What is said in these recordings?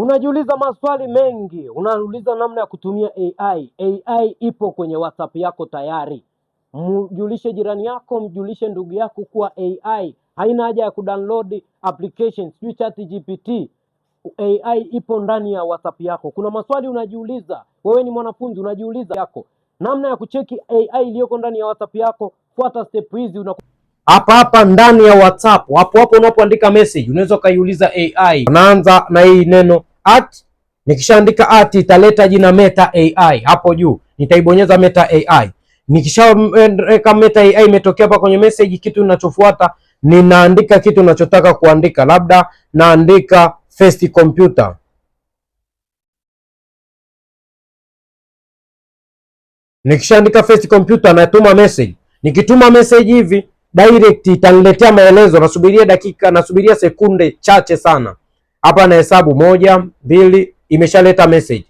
Unajiuliza maswali mengi, unauliza namna ya kutumia AI. AI ipo kwenye WhatsApp yako tayari. Mjulishe jirani yako, mjulishe ndugu yako kuwa AI haina haja ya kudownload applications sijui GPT. AI ipo ndani ya WhatsApp yako. Kuna maswali unajiuliza, wewe ni mwanafunzi unajiuliza yako namna ya kucheki AI iliyoko ndani ya WhatsApp yako. Fuata step hizi una hapa hapa ndani ya WhatsApp hapo hapo unapoandika message unaweza ukaiuliza AI. Unaanza na hii neno at nikishaandika at italeta jina Meta AI hapo juu, nitaibonyeza Meta AI. Nikishaweka Meta AI imetokea hapa kwenye message, kitu ninachofuata ninaandika kitu ninachotaka kuandika, labda naandika first computer Nikishaandika first computer natuma message. Nikituma message hivi direct itaniletea maelezo, nasubiria dakika, nasubiria sekunde chache sana. Hapa na hesabu moja, mbili, imeshaleta message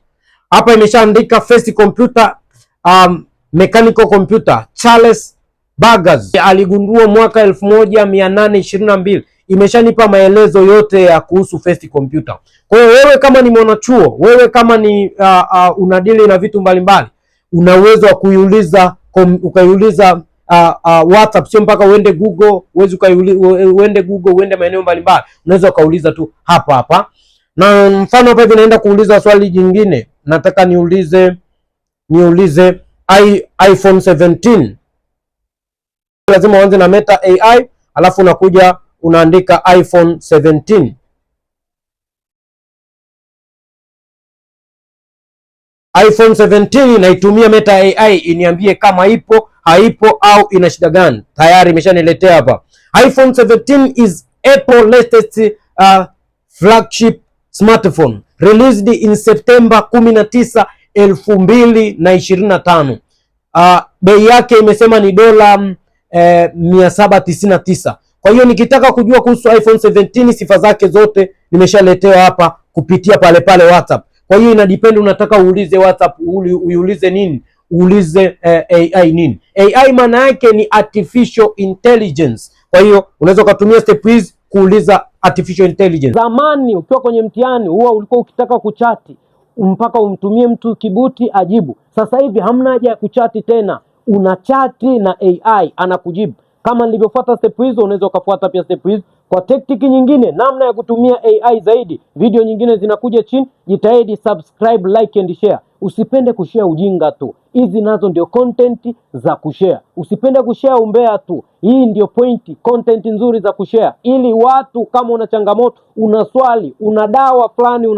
hapa, imeshaandika first computer, um, mechanical computer Charles Babbage aligundua mwaka mbili Imeshanipa maelezo yote ya kuhusu first computer. Kwa hiyo wewe kama ni mwanachuo, wewe kama ni uh, uh, unadili na vitu mbalimbali, una uwezo wa kuiuliza ukaiuliza uh, uh, WhatsApp, sio mpaka uende Google, uweze uende Google uende maeneo mbalimbali, unaweza ukauliza tu hapa hapa. Na mfano hapa hivi naenda kuuliza swali jingine, nataka niulize niulize I, iPhone 17 lazima uanze na Meta AI alafu unakuja unaandika iPhone 17 iPhone 17 naitumia Meta AI iniambie kama ipo haipo au ina shida gani? Tayari imeshaniletea hapa. iPhone 17 is Apple latest uh, flagship smartphone released in September 19 2025. Uh, bei yake imesema ni dola eh, 799. Kwa hiyo nikitaka kujua kuhusu iPhone 17 sifa zake zote nimeshaletewa hapa kupitia pale pale WhatsApp. Kwa hiyo inadepend, unataka uulize WhatsApp uiulize nini? uulize eh, AI nini. AI maana yake ni artificial intelligence. Kwa hiyo unaweza ukatumia step hizi kuuliza artificial intelligence. Zamani ukiwa kwenye mtihani huwa ulikuwa ukitaka kuchati mpaka umtumie mtu kibuti ajibu. Sasa hivi hamna haja ya kuchati tena, una chati na AI anakujibu. Kama nilivyofuata step hizo, unaweza ukafuata pia step hizo. Kwa tactic nyingine, namna ya kutumia AI zaidi, video nyingine zinakuja chini. Jitahidi subscribe, like and share. Usipende kushare ujinga tu, hizi nazo ndio content za kushare. Usipende kushare umbea tu, hii ndio point content nzuri za kushare, ili watu kama una changamoto, una swali, una dawa fulani,